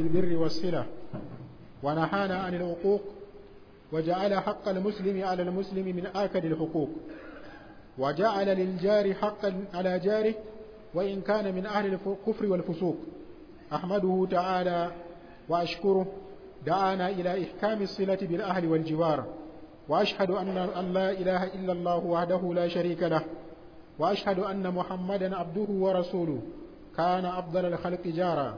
البر والصلة ونهانا عن العقوق وجعل حق المسلم على المسلم من آكد الحقوق وجعل للجار حقا على جاره وإن كان من أهل الكفر والفسوق أحمده تعالى وأشكره دعانا إلى إحكام الصلة بالأهل والجوار وأشهد أن لا إله إلا الله وحده لا شريك له وأشهد أن محمدا عبده ورسوله كان أفضل الخلق جارا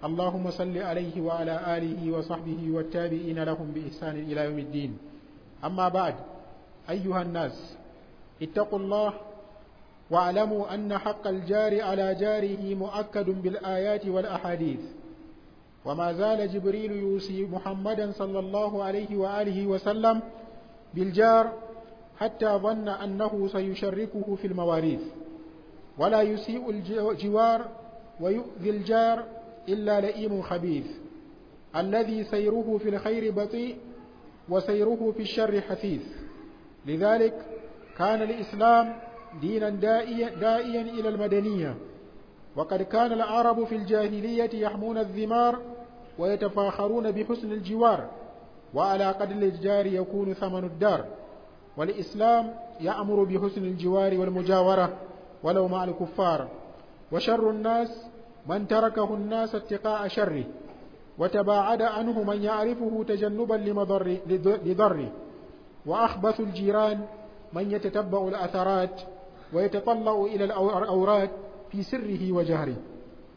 اللهم صل عليه وعلى آله وصحبه والتابعين لهم بإحسان إلى يوم الدين أما بعد أيها الناس اتقوا الله واعلموا أن حق الجار على جاره مؤكد بالآيات والأحاديث وما زال جبريل يوصي محمدا صلى الله عليه وآله وسلم بالجار حتى ظن أنه سيشركه في المواريث ولا يسيء الجوار ويؤذي الجار إلا لئيم خبيث الذي سيره في الخير بطيء وسيره في الشر حثيث لذلك كان الإسلام دينا دائيا, دائيا إلى المدنية وقد كان العرب في الجاهلية يحمون الذمار ويتفاخرون بحسن الجوار وعلى قدر الجار يكون ثمن الدار والإسلام يأمر بحسن الجوار والمجاورة ولو مع الكفار وشر الناس من تركه الناس اتقاء شره وتباعد عنه من يعرفه تجنبا لمضر لضره وأخبث الجيران من يتتبع الأثرات ويتطلع إلى الأورات في سره وجهره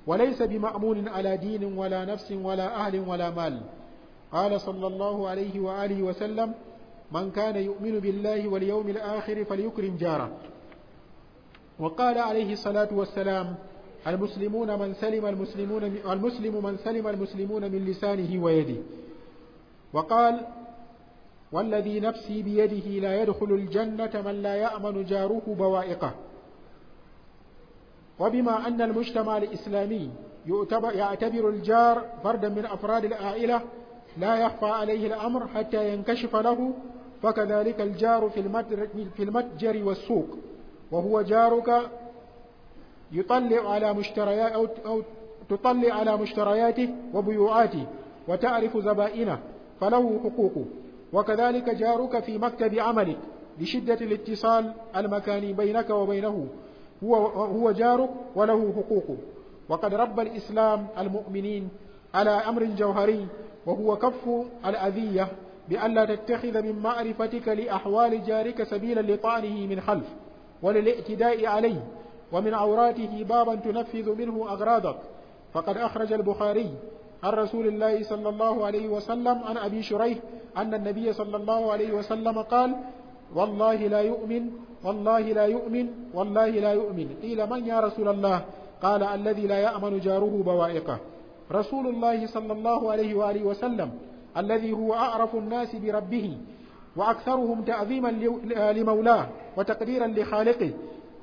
وليس بمأمون على دين ولا نفس ولا أهل ولا مال قال صلى الله عليه وآله وسلم من كان يؤمن بالله واليوم الآخر فليكرم جاره وقال عليه الصلاة والسلام المسلمون من سلم المسلمون المسلم من سلم المسلمون من لسانه ويده وقال والذي نفسي بيده لا يدخل الجنة من لا يأمن جاره بوائقه وبما أن المجتمع الإسلامي يعتبر الجار فردا من أفراد العائلة لا يخفى عليه الأمر حتى ينكشف له فكذلك الجار في المتجر والسوق وهو جارك يطلع على مشتريات أو, أو تطلع على مشترياته وبيوعاته وتعرف زبائنه فله حقوقه وكذلك جارك في مكتب عملك لشدة الاتصال المكاني بينك وبينه هو, هو جارك وله حقوقه وقد رب الإسلام المؤمنين على أمر جوهري وهو كف الأذية بألا تتخذ من معرفتك لأحوال جارك سبيلا لطعنه من خلف وللاعتداء عليه ومن عوراته بابا تنفذ منه أغراضك فقد أخرج البخاري عن رسول الله صلى الله عليه وسلم عن أبي شريح أن النبي صلى الله عليه وسلم قال والله لا يؤمن والله لا يؤمن والله لا يؤمن قيل من يا رسول الله قال الذي لا يأمن جاره بوائقه رسول الله صلى الله عليه وآله وسلم الذي هو أعرف الناس بربه وأكثرهم تعظيما لمولاه وتقديرا لخالقه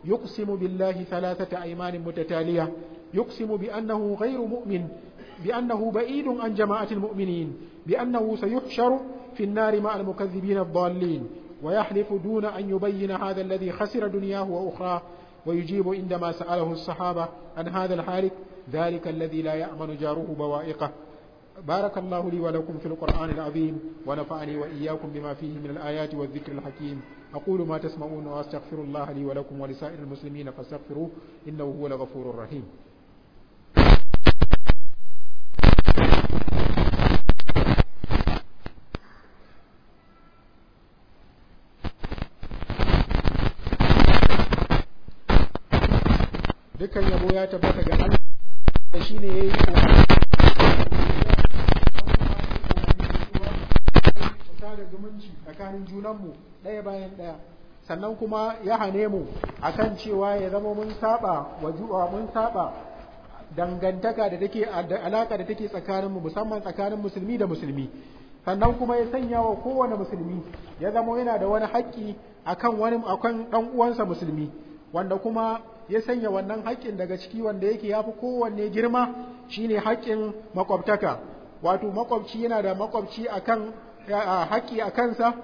يقسم بالله ثلاثة أيمان متتالية يقسم بأنه غير مؤمن بأنه بعيد عن جماعة المؤمنين بأنه سيحشر في النار مع المكذبين الضالين ويحلف دون أن يبين هذا الذي خسر دنياه وأخراه ويجيب عندما سأله الصحابة عن هذا الحارث ذلك الذي لا يأمن جاره بوائقه بارك الله لي ولكم في القرآن العظيم ونفعني وإياكم بما فيه من الآيات والذكر الحكيم أقول ما تسمعون وأستغفر الله لي ولكم ولسائر المسلمين فاستغفروه إنه هو الغفور الرحيم dukkan yabo ya tabbata ga Allah da shine yayi hukunci tsakanin junanmu ɗaya bayan ɗaya sannan kuma ya hane mu a kan cewa ya zama mun saba wa mun saba dangantaka da take alaka da take tsakanin mu musamman tsakanin musulmi da musulmi sannan kuma ya sanya wa kowane musulmi ya zama yana da wani haƙƙi akan wani akan dan uwansa musulmi wanda kuma ya sanya wannan haƙƙin daga ciki wanda yake yafi kowanne girma shine haƙƙin makwabtaka wato makwabci yana da makwabci akan haƙƙi a kansa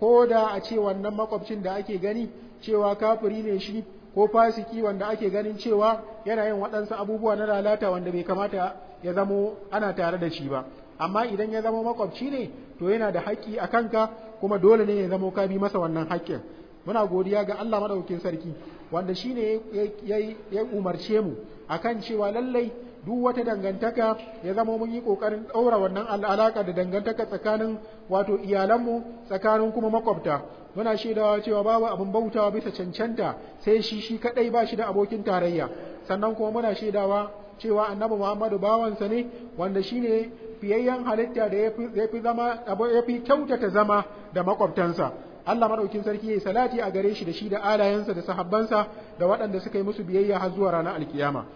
ko da a ce wannan makwabcin da ake gani cewa kafiri ne shi ko fasiki wanda ake ganin cewa yana yin waɗansu abubuwa na lalata wanda bai kamata ya zamo ana tare da shi ba amma idan ya zamo makwabci ne to yana da haƙƙi a kanka kuma dole ne ya zamo ka bi masa wannan haƙƙin muna godiya ga Allah madaukakin sarki wanda shine ya umarce mu akan cewa lallai duk wata dangantaka ya zama mun yi kokarin daura wannan alaka da dangantaka tsakanin wato iyalanmu tsakanin kuma makwabta muna shaidawa cewa babu abin bautawa bisa cancanta sai shi shi kadai ba shi da abokin tarayya sannan kuma muna shaidawa cewa annabi Muhammadu bawansa ne wanda shi ne fiyayyen halitta da fi zama yafi kyautata zama da makwabtansa Allah maɗaukin sarki ya yi salati a gare shi da shi da alayensa, da sahabbansa da waɗanda suka yi musu biyayya har zuwa ranar alkiyama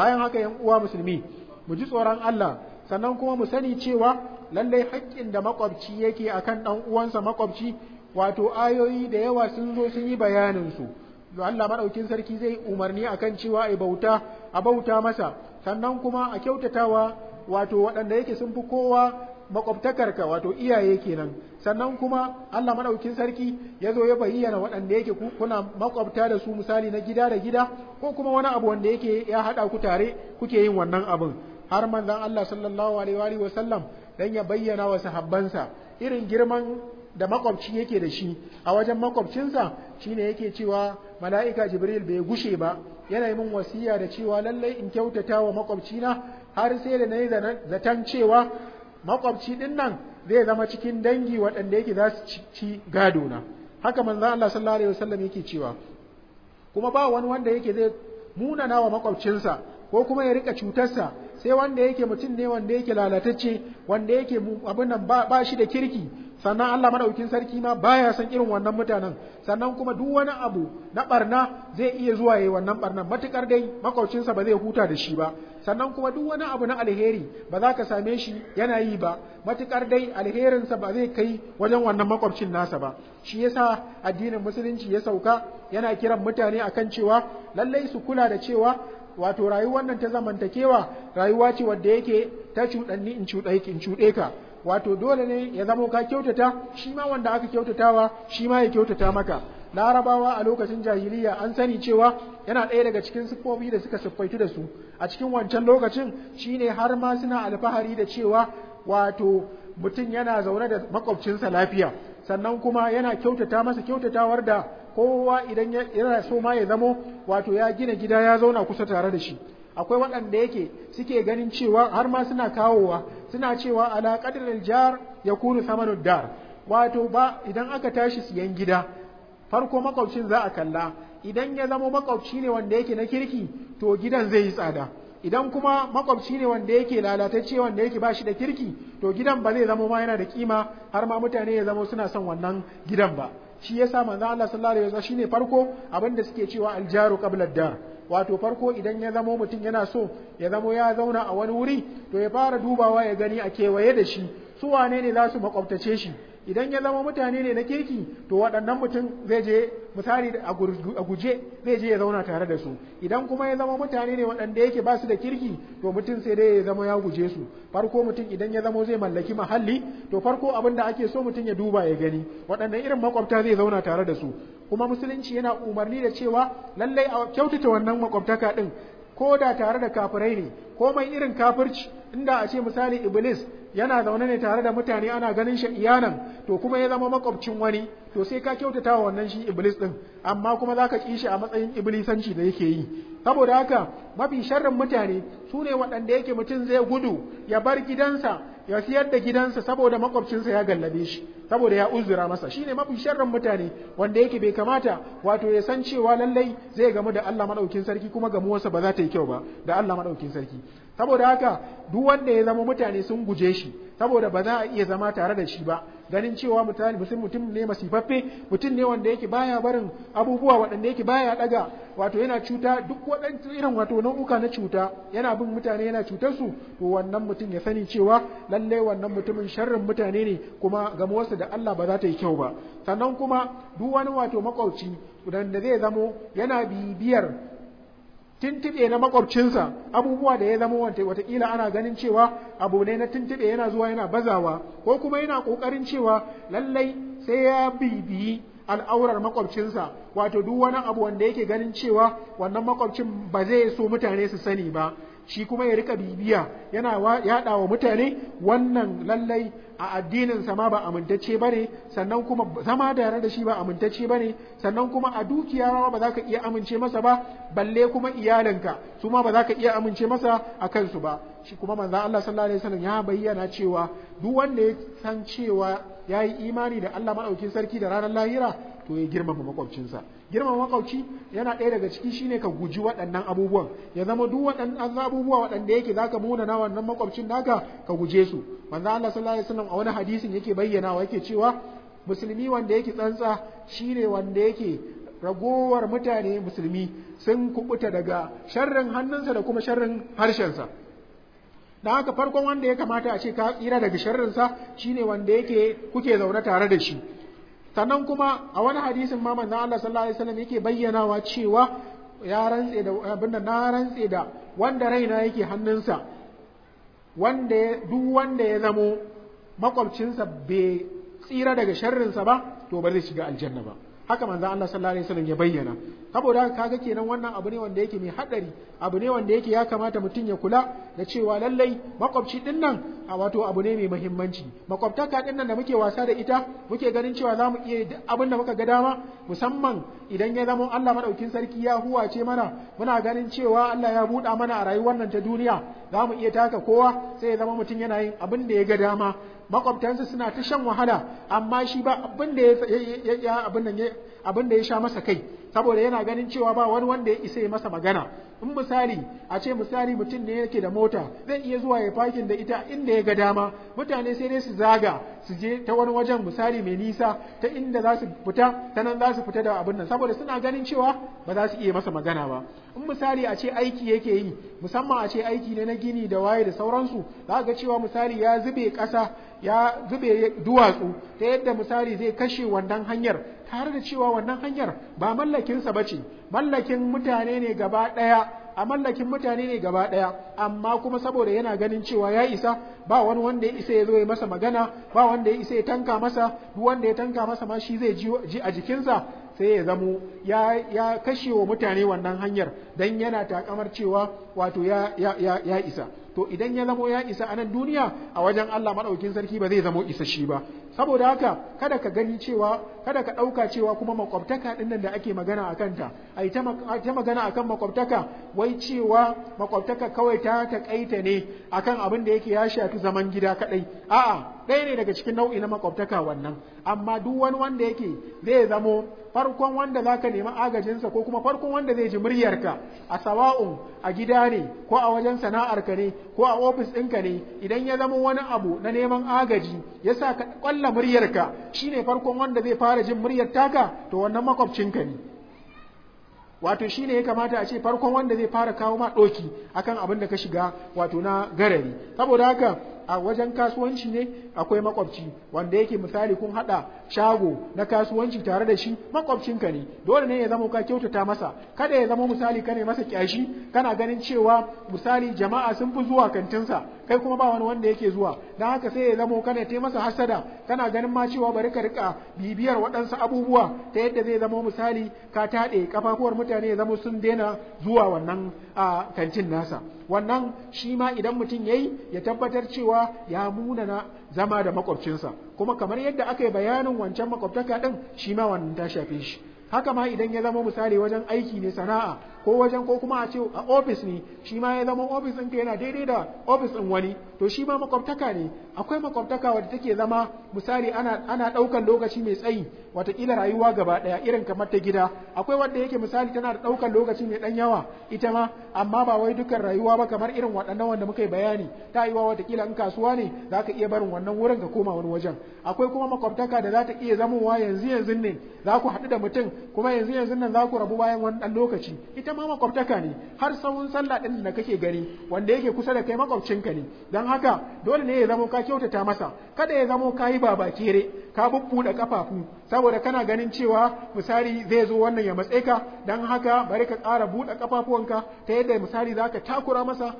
bayan haka yan uwa musulmi mu ji tsoron Allah sannan kuma mu sani cewa lallai haƙƙin da makwabci yake akan ɗan uwansa makwabci wato ayoyi da yawa sun zo sun yi bayanin su Allah madaukin sarki zai umarni akan cewa a bauta a bauta masa sannan kuma a kyautatawa wato waɗanda yake sun fi kowa makwabtakarka wato iyaye kenan sannan kuma Allah madaukin sarki ya zo ya bayyana waɗanda yake kuna makwabta da su misali na gida da gida ko kuma wani abu wanda yake ya haɗa ku tare kuke yin wannan abin har manzon Allah sallallahu alaihi wa sallam dan ya bayyana wa sahabbansa irin girman da makwabci yake da shi a wajen makwabcinsa shine yake cewa mala'ika Jibril bai gushe ba yana yi min wasiya da cewa lallai in kyautata wa makwabcina har sai da na yi zaton cewa makwabci din nan zai zama cikin dangi waɗanda yake za su ci gado na haka manzo Allah sallallahu alaihi wasallam yake cewa kuma ba wani wanda yake zai munana wa makwabcinsa ko kuma ya rika cutarsa sai wanda yake mutum ne wanda yake lalatacce wanda yake abin nan ba shi da kirki sannan Allah madaukin sarki ma baya san irin wannan mutanen sannan kuma duk wani abu na barna zai iya zuwa yayi wannan barnan matukar dai makwabcinsa ba zai huta da shi ba sannan kuma duk wani abu na alheri ba za ka same shi yana yi ba matukar dai alherinsa ba zai kai wajen wannan makwabcin nasa ba shi yasa addinin musulunci ya sauka yana kiran mutane akan cewa lallai su kula da cewa wato rayuwar nan ta zamantakewa rayuwa ce wadda yake ta cuɗanni in in cuɗe ka wato dole ne ya zamo ka kyautata shi ma wanda aka kyautatawa shi ma ya kyautata maka larabawa a lokacin jahiliya an sani cewa yana ɗaya daga cikin siffofi da suka siffaitu da su a cikin wancan lokacin shine har ma suna alfahari da cewa wato mutum yana zaune da makwabcinsa lafiya sannan kuma yana kyautata masa kyautatawar da kowa idan yana so ma ya zamo wato ya gina gida ya zauna kusa tare da shi akwai waɗanda yake suke ganin cewa har ma suna kawowa suna cewa ala jihar jar yakunu samanud dar wato ba idan aka tashi siyan gida farko makwabcin za a kalla idan ya zama makwabci ne wanda yake na kirki to gidan zai yi tsada idan kuma makwabci ne wanda yake lalatacce wanda yake bashi da kirki to gidan ba zai zama ma yana da kima har ma mutane ya zama suna son wannan gidan ba shi yasa manzo Allah sallallahu alaihi wasallam shine farko abin da suke cewa aljaru qabla dar wato farko idan ya zamo mutum yana so ya zamo ya zauna a wani wuri to ya fara dubawa ya gani a kewaye da shi su wane ne za su makwabtace shi idan ya zama mutane ne na keki, to waɗannan mutum zai je misali a guje zai je ya zauna tare da su idan kuma ya zama mutane ne waɗanda yake ba su da kirki to mutum sai dai ya zama ya guje su farko mutum idan ya zama zai mallaki mahalli to farko abin da ake so mutum ya duba ya gani waɗannan irin makwabta zai zauna tare da su kuma musulunci yana umarni da cewa lallai a kyautata wannan makwabtaka ɗin ko da tare da kafirai ne ko mai irin kafirci inda a ce misali iblis yana zaune ne tare da mutane ana ganin shi iyanan to kuma ya zama makwabcin wani to sai ka kyautata wa wannan shi iblis din amma kuma zaka ki shi a matsayin iblisanci da yake yi saboda haka mafi sharrin mutane su ne waɗanda yake mutum zai gudu ya bar gidansa ya siyar da gidansa saboda makwabcinsa ya gallabe shi saboda ya uzura masa Shi ne mafi sharrin mutane wanda yake bai kamata wato ya san cewa lallai zai gamu da Allah madaukin sarki kuma gamuwarsa ba za ta yi kyau ba da Allah madaukin sarki saboda haka duk wanda ya zama mutane sun guje shi saboda ba za a iya zama tare da shi ba ganin cewa mutane musulmi mutum ne masifaffe mutum ne wanda yake baya barin abubuwa waɗanda yake baya daga wato yana cuta duk waɗanda irin wato nau'uka na cuta yana bin mutane yana cutar su to wannan mutum ya sani cewa lalle wannan mutumin sharrin mutane ne kuma ga wasu da Allah ba za ta yi kyau ba sannan kuma duk wani wato makwabci wanda zai zamo yana bibiyar tuntuɓe na makwabcinsa abubuwa da ya zama wata watakila ana ganin cewa abu ne na tuntuɓe yana zuwa yana bazawa ko kuma yana ƙoƙarin cewa lallai sai ya bibiyi al'aurar makwabcinsa wato duk wani abu wanda yake ganin cewa wannan makwabcin ba zai so mutane su sani ba shi kuma ya rika bibiya yana yada wa mutane wannan lallai a addinin sa ma ba amintacce bane sannan kuma zama da yare da shi ba amintacce bane sannan kuma a dukiya ma ba za ka iya amince masa ba balle kuma iyalinka su ma ba za ka iya amince masa a kansu ba shi kuma manzo Allah sallallahu alaihi wasallam ya bayyana cewa duk wanda ya san cewa yayi imani da Allah madaukin sarki da ranar lahira ya girmama makwabcinsa girmama makwabci yana ɗaya daga ciki shine ka guji waɗannan abubuwan ya zama duk waɗannan abubuwa waɗanda yake zaka muna na wannan makwabcin naka ka guje su manzo Allah sallallahu alaihi wasallam a wani hadisin yake bayyanawa yake cewa musulmi wanda yake tsantsa shine wanda yake ragowar mutane musulmi sun kubuta daga sharrin hannunsa da kuma sharrin harshensa da haka farkon wanda ya kamata a ce ka tsira daga sharrin sharrinsa shine wanda yake kuke zaune tare da shi sannan kuma a wani hadisin ma manzon Allah sallallahu alaihi wasallam yake bayyanawa cewa ya rantse da abinda na rantse da wanda raina yake hannunsa wanda duk wanda ya zamo makwabcinsa bai tsira daga sharrinsa ba to ba zai shiga aljanna ba haka manzo Allah sallallahu alaihi wasallam ya bayyana saboda haka kaga kenan wannan abu ne wanda yake mai hadari abu ne wanda yake ya kamata mutum ya kula da cewa lallai makwabci din nan a wato abu ne mai muhimmanci makwabtaka din nan da muke wasa da ita muke ganin cewa zamu iya abin da muka ga dama musamman idan ya zama Allah madaukin sarki ya huwa ce mana muna ganin cewa Allah ya buɗa mana a rayuwar nan ta duniya zamu iya taka kowa sai ya zama mutum yana yin abin da ya ga dama makwabtansa suna ta shan wahala amma shi ba abin da ya sha masa kai saboda yana ganin cewa ba wani wanda ya isa masa magana in misali a ce misali mutum ne yake da mota zai iya zuwa ya fakin da ita inda ya ga dama mutane sai dai su zaga su je ta wani wajen misali mai nisa ta inda za su fita ta nan za su fita da abin nan saboda suna ganin cewa ba za su iya masa magana ba in misali a ce aiki yake yi musamman a ce aiki ne na gini da waye da sauransu za ga cewa misali ya zube ƙasa ya zube duwatsu ta yadda misali zai kashe wannan hanyar tare da cewa wannan hanyar ba mallakinsa ba ce mallakin mutane ne gaba ɗaya a mallakin mutane ne gaba ɗaya amma kuma saboda yana ganin cewa ya isa ba wani wanda ya isa ya zo ya masa magana ba wanda ya isa ya tanka masa duk wanda ya tanka masa ma shi zai ji a jikinsa sai ya zamo ya kashe wa mutane wannan hanyar dan yana takamar cewa wato ya isa to idan ya zamo ya isa a nan duniya a wajen Allah maɗaukin sarki ba zai zamo isa shi ba saboda haka kada ka gani cewa kada ka ɗauka cewa kuma makwabtaka din nan da ake magana a kanta ai ta magana akan makwabtaka wai cewa makwabtaka kawai ta takaita ne akan abin da yake ya shafi zaman gida kaɗai a'a ɗaya ne daga cikin nau'i na makwabtaka wannan amma duk wani wanda yake zai zamo farkon wanda zaka nemi agajinsa ko kuma farkon wanda zai ji muryarka a sawa'un a gida gida ne ko a wajen sana'arka ne ko a ofis ɗinka ne idan ya zama wani abu na neman agaji ya sa ka ƙwalla muryarka shi ne farkon wanda zai fara jin muryar taka to wannan makwabcinka ne wato shi ne ya kamata a ce farkon wanda zai fara kawo ma ɗoki akan abin da ka shiga wato na garari saboda haka a wajen kasuwanci ne akwai makwabci wanda yake misali kun hada shago na kasuwanci tare da shi makwabcinka ne dole ne ya zama ka kyautata masa kada ya zama misali kane masa kyashi kana ganin cewa misali jama'a sun fi zuwa kantinsa kai kuma ba wani wanda yake zuwa dan haka sai ya zama kana tai masa hasada kana ganin ma cewa bari ka rika bibiyar waɗansu abubuwa ta yadda zai zama misali ka taɗe kafafuwar mutane ya zama sun daina zuwa wannan a kantin nasa wannan shi ma idan mutum yayi ya tabbatar cewa cewa ya munana zama da makwabcinsa kuma kamar yadda aka yi bayanin wancan makwabtaka ɗin shi ma wannan ta shafe shi haka ma idan ya zama misali wajen aiki ne sana'a ko wajen ko kuma a ce a ofis ne shi ma ya zama ofis ɗinka yana daidai da ofis ɗin wani to shi ma makwabtaka ne akwai makwabtaka wadda take zama misali ana ana ɗaukan lokaci mai tsayi watakila rayuwa gaba daya irin kamar ta gida akwai wanda yake misali tana da daukar lokaci mai dan yawa ita ma amma ba wai dukkan rayuwa ba kamar irin waɗannan wanda muka yi bayani ta yiwa watakila in kasuwa ne zaka iya barin wannan wurin ka koma wani wajen akwai kuma makwabtaka da za ta iya zamowa yanzu yanzu ne za ku haɗu da mutum kuma yanzu yanzu nan za ku rabu bayan wani ɗan lokaci ita ma makwabtaka ne har sawun sallah ɗin da kake gani wanda yake kusa da kai makwabcinka ne don haka dole ne ya zamo ka kyautata masa kada ya zamo ka yi babakere ka bubbuɗe kafafu saboda kana ganin cewa misali zai zo wannan ya matse ka dan haka bari ka ƙara buɗe ƙafafuwanka ta yadda misali za ka takura masa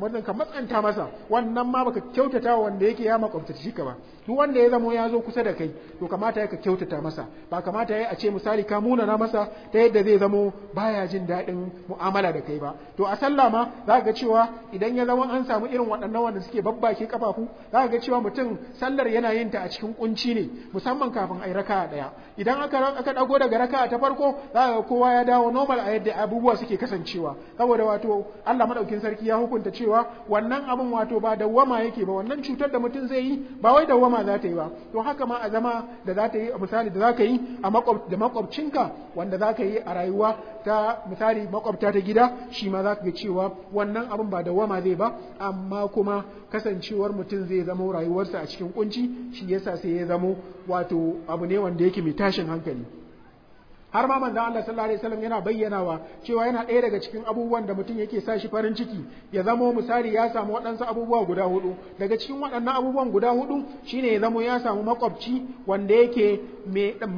wannan ka matsanta masa wannan ma baka kyautata wanda yake ya makwabtaci ka ba duk wanda ya zamo ya zo kusa da kai to kamata ya ka kyautata masa ba kamata ya a ce misali ka na masa ta yadda zai zamo baya jin daɗin mu'amala da kai ba to a sallah ma za ga cewa idan ya zama an samu irin waɗannan wanda suke babbake kafafu za ka ga cewa mutum sallar yana yin ta a cikin kunci ne musamman kafin a yi raka ɗaya idan aka aka dago daga raka'a ta farko za ga kowa ya dawo normal a yadda abubuwa suke kasancewa saboda wato Allah madaukin sarki ya hukunta cewa wannan abin wato ba dawwama yake ba wannan cutar da mutum zai yi ba wai dawwama za ta yi ba to haka ma a zama da za ta yi misali da za ka yi a makwab da makwabcinka wanda za ka yi a rayuwa ta misali makwabta ta gida shi ma za ka ga cewa wannan abin ba dawwama zai ba amma kuma kasancewar mutum zai zama rayuwarsa a cikin kunci shi yasa sai ya zama wato abu ne wanda yake yake mai tashin hankali har ma manzon Allah sallallahu alaihi wasallam yana bayyanawa cewa yana ɗaya daga cikin abubuwan da mutum yake sa shi farin ciki ya zamo misali ya samu waɗansu abubuwa guda hudu daga cikin waɗannan abubuwan guda hudu shine ya zamo ya samu makwabci wanda yake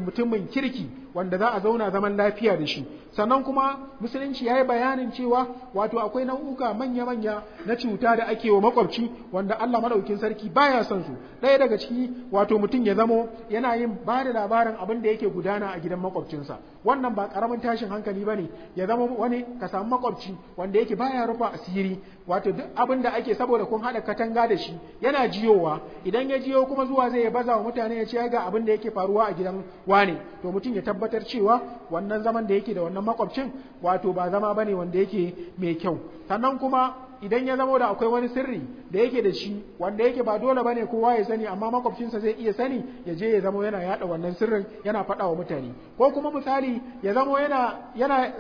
mutumin kirki wanda za a zauna zaman lafiya da shi sannan kuma musulunci ya yi bayanin cewa wato akwai nau'uka manya-manya na cuta da ake wa makwabci wanda Allah maɗaukin sarki baya son su ɗaya daga ciki wato mutum ya zamo yana yin ba da labarin abin da yake gudana a gidan makwabcinsa wannan ba ƙaramin tashin hankali ba ne ya zama wani ka samu makwabci wanda yake baya rufa asiri wato duk abin da ake saboda kun haɗa katanga da shi yana jiyowa idan ya jiyo kuma zuwa zai ya baza wa mutane ya ce ga abin da yake faruwa a gidan wane to mutum ya tabbatar cewa wannan zaman da yake da wannan makwabcin wato ba zama bane wanda yake mai kyau sannan kuma idan ya zama da akwai wani sirri da yake da shi wanda yake ba dole bane kowa ya sani amma makwabcinsa zai iya sani ya je ya zama yana yada wannan sirrin yana faɗa wa mutane ko kuma misali ya zama yana yana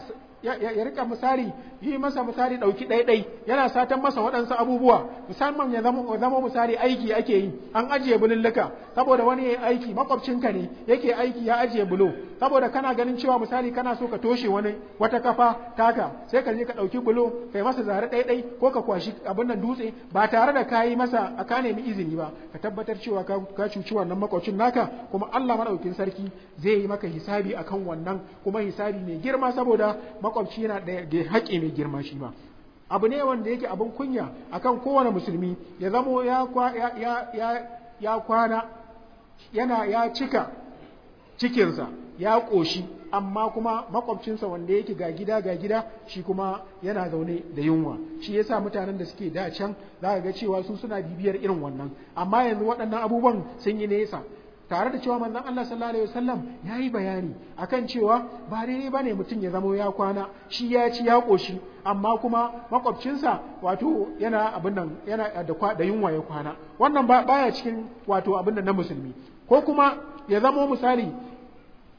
ya rika misali yi masa misali ɗauki ɗaiɗai yana satan masa waɗansu abubuwa musamman ya zama misali aiki ake yi an ajiye bululluka saboda wani ya aiki makwabcinka ne yake aiki ya ajiye bulo saboda kana ganin cewa misali kana so ka toshe wani wata kafa taka sai ka je ka dauki bulo kai masa zare ɗaiɗai ko ka kwashi abin nan dutse ba tare da kayi masa a ka nemi izini ba ka tabbatar cewa ka cuci wannan makwacin naka kuma Allah maɗaukin sarki zai yi maka hisabi akan wannan kuma hisabi mai girma saboda makwabci yana da haƙƙi mai girma shi ma abu ne wanda yake abin kunya a kan kowane musulmi ya zamo ya ya kwana yana ya cika cikinsa ya ƙoshi amma kuma makwabcinsa wanda yake ga gida ga gida shi kuma yana zaune da yunwa shi yasa mutanen da suke da can za ga cewa su suna bibiyar irin wannan amma yanzu waɗannan abubuwan sun yi nesa tare da cewa manzon Allah sallallahu alaihi wasallam yi bayani akan cewa ba daidai ne mutum ya zamo ya kwana shi ya ci ya ƙoshi, amma kuma makwabcinsa wato yana abin nan yana da da yunwa ya kwana wannan ba baya cikin wato abin nan na musulmi ko kuma ya zamo misali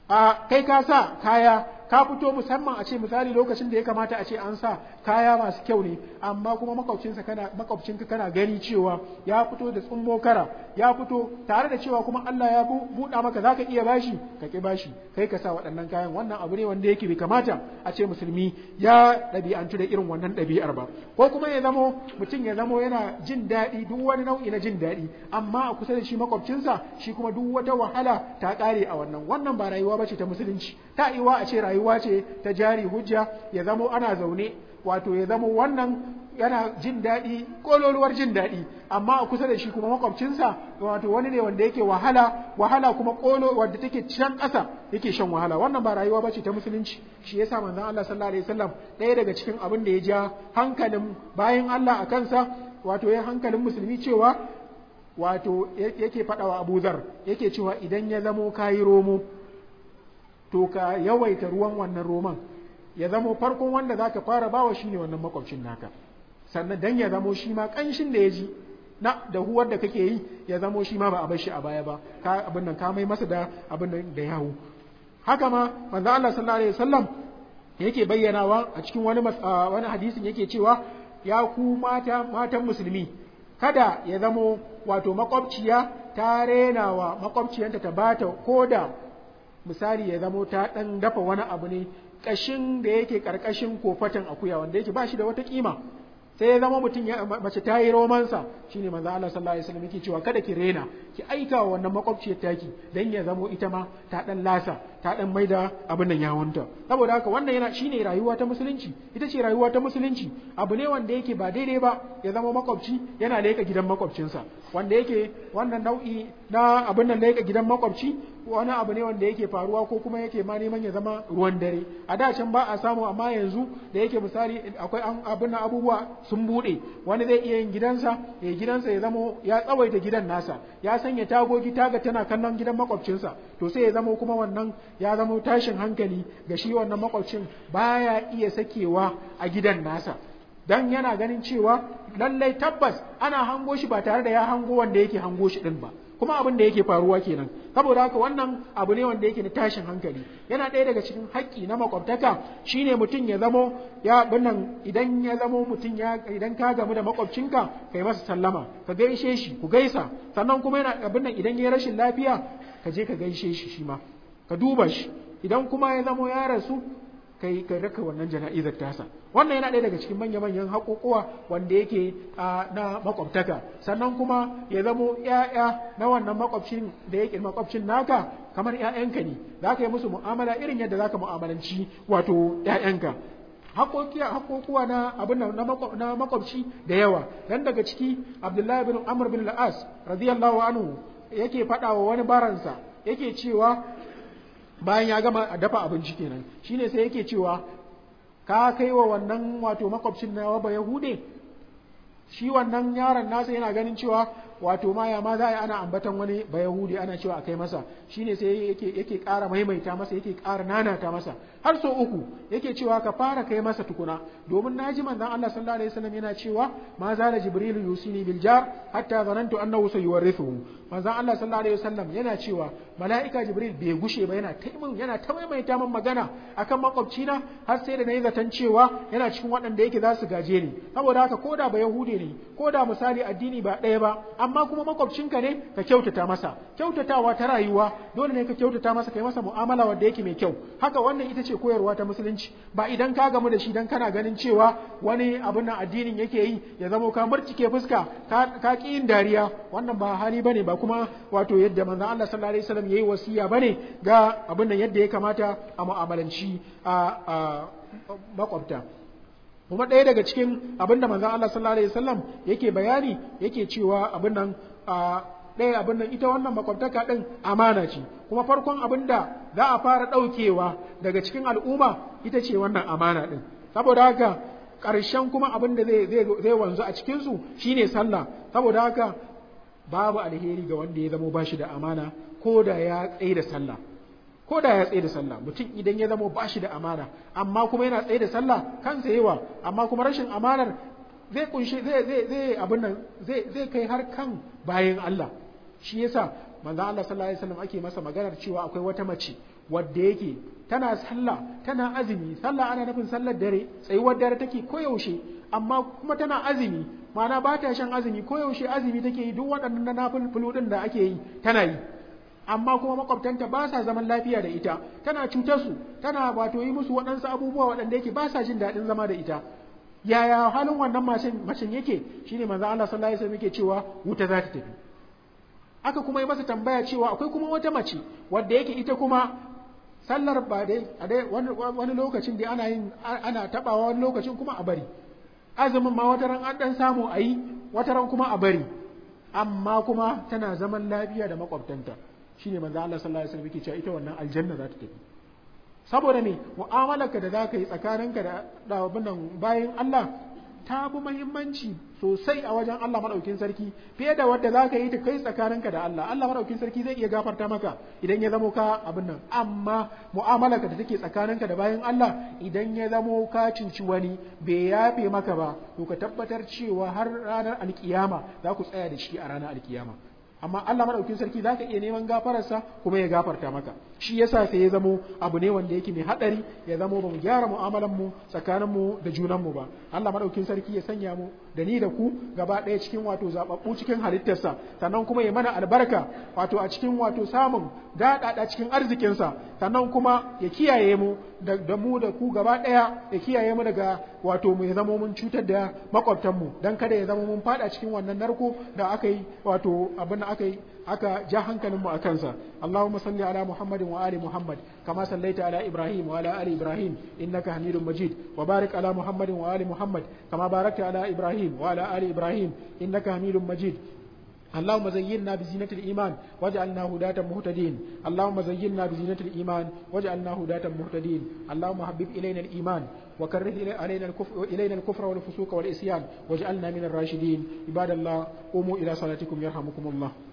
a kai ka sa kaya ka fito musamman a ce misali lokacin da ya kamata a ce an sa kaya masu kyau ne amma kuma makwabcinsa kana makwabcinka kana gani cewa ya fito da tsummo kara ya fito tare da cewa kuma Allah ya buɗa maka zaka iya bashi ka ki bashi kai ka sa waɗannan kayan wannan abu ne wanda yake bai kamata a ce musulmi ya ɗabi'antu da irin wannan ɗabi'ar ba ko kuma ya zamo mutum ya zamo yana jin daɗi duk wani nau'i na jin daɗi amma a kusa da shi makwabcinsa shi kuma duk wata wahala ta ƙare a wannan wannan ba rayuwa ba ce ta musulunci ta a ce rayuwa ce ta jari hujja ya zamo ana zaune wato ya zamo wannan yana jin daɗi ƙololuwar jin daɗi amma a kusa da shi kuma makwabcinsa wato wani ne wanda yake wahala wahala kuma ƙolo wanda take can ƙasa yake shan wahala wannan ba rayuwa ba ce ta musulunci shi ya yasa manzan Allah sallallahu alaihi wasallam ɗaya daga cikin abin da ya ja hankalin bayan Allah a kansa wato ya hankalin musulmi cewa wato yake faɗawa abuzar yake cewa idan ya zamo kayi romo to ka yawaita ruwan wannan roman ya zamo farkon wanda za ka fara bawa shi ne wannan makwabcin naka sannan dan ya zamo shi ma kanshin da ya ji na da huwar da kake yi ya zamo shi ma ba a bar shi a baya ba ka abin nan ka mai masa da abin nan da yawo haka ma manzo Allah sallallahu alaihi wasallam yake bayyanawa a cikin wani wani hadisin yake cewa ya ku mata matan musulmi kada ya zamo wato makwabciya ta wa makwabciyanta ta bata koda misali ya zamo ta ɗan dafa wani abu ne kashin da yake ƙarƙashin kofatan akuya wanda yake ba shi da wata ƙima sai ya zama mutum ya mace ta yi romansa shine manzo Allah sallallahu alaihi wasallam yake cewa kada ki rena ki aika wa wannan makwabciyar taki dan ya zamo ita ma ta dan lasa ta dan maida abin nan yawanta saboda haka wannan yana shine rayuwa ta musulunci ita ce rayuwa ta musulunci abu ne wanda yake ba daidai ba ya zama makwabci yana da yake gidan makwabcinsa wanda yake wannan nau'i na abin nan yake gidan makwabci wani abu ne wanda yake faruwa ko kuma yake ma neman ya zama ruwan dare a da can ba a samu amma yanzu da yake misali akwai abin nan abubuwa sun bude wani zai iya yin gidansa ya gidansa ya zamo ya tsawaita gidan nasa ya san sanya tagogi taga tana kallon gidan makwabcinsa to sai ya zama kuma wannan ya zama tashin hankali ga shi wannan makwabcin baya iya sakewa a gidan nasa dan yana ganin cewa lallai tabbas ana hango shi ba tare da ya hango wanda yake hango shi din ba kuma abin da yake faruwa kenan saboda haka wannan abu ne wanda yake na tashin hankali yana ɗaya daga cikin haƙƙi na makwabtaka shine mutum ya zamo ya binnan idan ya zamo mutum ya idan ka gamu da makwabcinka kai masa sallama ka gaishe shi ku gaisa sannan kuma yana abin nan idan ya rashin lafiya ka je ka gaishe shi shi ma ka duba shi idan kuma ya zamo ya rasu kai kai raka wannan jana'izar tasa wannan yana ɗaya daga cikin manya-manyan haƙoƙuwa wanda yake na makwabtaka sannan kuma ya zamo ƴaƴa na wannan makwabcin da yake makwabcin naka kamar ƴaƴanka ne za ka yi musu mu'amala irin yadda za ka mu'amalanci wato ƴaƴanka haƙoƙuwa na abin na makwabci da yawa dan daga ciki abdullahi bin amr bin al-as radiyallahu anhu yake faɗa wa wani baransa yake cewa bayan ya gama a dafa abinci kenan ne sai yake cewa ka kai wa wannan wato makwabcin na ba yahude shi wannan yaron nasa yana ganin cewa wato ma ya ma za a yi ana ambatan wani ba Yahudi ana cewa a kai masa Shi ne sai yake yake ƙara maimaita masa yake ƙara nanata masa har so uku yake cewa ka fara kai masa tukuna domin na ji manzan Allah sallallahu alaihi wasallam yana cewa ma da jibril yusini bil jar hatta zanantu annahu sayuwarithuhu manzan Allah sallallahu alaihi wasallam yana cewa mala'ika jibril bai gushe ba yana ta yana ta maimaita min magana akan makwabci na har sai da nayi zaton cewa yana cikin waɗanda yake za su gaje ni saboda haka koda ba yahudi ne koda misali addini ba ɗaya ba amma kuma makwabcinka ne ka kyautata masa kyautatawa ta rayuwa dole ne ka kyautata masa kai masa mu'amala wanda yake mai kyau haka wannan ita ce koyarwa ta musulunci ba idan ka gamu da shi dan kana ganin cewa wani abin nan addinin yake yi ya zamo ka murtike fuska ka ki yin dariya wannan ba hali bane ba kuma wato yadda manzon Allah sallallahu alaihi wasallam yayi wasiya bane ga abin nan yadda ya kamata a mu'amalanci a makwabta kuma ɗaya daga cikin abinda manzan Allah sallallahu alaihi wasallam yake bayani yake cewa abin nan ɗaya abin nan ita wannan makwabtaka ɗin amana ce kuma farkon abin da za a fara ɗaukewa daga cikin al'umma ita ce wannan amana ɗin saboda haka ƙarshen kuma abin da zai wanzu a cikinsu shine sallah saboda haka babu alheri ga wanda ya zamo shi da amana ko da ya tsaye da sallah ko da ya tsaye da sallah mutum idan ya zama ba shi da amana amma kuma yana tsaye da sallah kansa yawa amma kuma rashin amanar zai kunshi zai zai kai har kan bayan Allah shi yasa manzo Allah sallallahu alaihi wasallam ake masa maganar cewa akwai wata mace wadda yake tana sallah tana azumi sallah ana nufin sallar dare tsayuwar dare take koyaushe amma kuma tana azumi ma'ana ba ta shan azumi koyaushe azumi take yi duk waɗannan nafilfulu ɗin da ake yi tana yi amma kuma makwabtanta ba sa zaman lafiya da ita tana cutar su tana wato yi musu waɗansu abubuwa waɗanda yake ba sa jin daɗin zama da ita yaya halin wannan mashin yake? yake shine manzo Allah sallallahu alaihi wasallam yake cewa wuta za ta tafi aka kuma yi masa tambaya cewa akwai kuma wata mace wadda yake ita kuma sallar ba dai wani lokacin da ana yin ana tabawa wani lokacin kuma a bari azumin ma wata ran an dan samu a yi wata ran kuma a bari amma kuma tana zaman lafiya da makwabtanta shine manzo Allah sallallahu alaihi wasallam yake cewa ita wannan aljanna za ta tafi saboda me mu'amalarka da zaka yi tsakaninka da dawabin nan bayan Allah ta fi muhimmanci sosai a wajen Allah madaukin sarki fiye da wanda zaka yi ta kai tsakaninka da Allah Allah madaukin sarki zai iya gafarta maka idan ya zamo ka abin nan amma mu'amalarka da take tsakaninka da bayan Allah idan ya zamo ka cinci wani bai yafe maka ba to ka tabbatar cewa har ranar alkiyama za ku tsaya da shi a ranar alkiyama amma Allah madaukin sarki zaka iya neman gafararsa kuma ya gafarta maka shi ya sa sai ya zamo abu ne wanda yake mai hadari ya zamo ba mu gyara mu'amalan mu tsakanin mu da junan mu ba Allah madaukin sarki ya sanya mu da ni da ku gaba ɗaya cikin wato zababbu cikin halittarsa sannan kuma ya mana albarka wato a cikin wato samun daɗaɗa cikin arzikinsa sannan kuma ya kiyaye mu da mu da ku gaba ɗaya ya kiyaye mu daga wato mu ya zamo mun cutar da mu, don kada ya zamo mun faɗa cikin wannan narko da aka yi wato abin da aka yi aka ja hankalin mu kansa. Allahumma salli ala Muhammadin wa ali Muhammad kama sallaita ala Ibrahim wa ala ali Ibrahim innaka Hamidum Majid wa barik ala Muhammadin wa ali Muhammad kama barakta ala Ibrahim wa ala ali Ibrahim innaka Hamidum Majid اللهم زينا بزينة الإيمان واجعلنا هداة مهتدين اللهم زينا بزينة الإيمان واجعلنا هداة مهتدين اللهم حبب إلينا الإيمان وكره علينا الكفر إلينا الكفر والفسوق والعصيان واجعلنا من الراشدين عباد الله قوموا إلى صلاتكم يرحمكم الله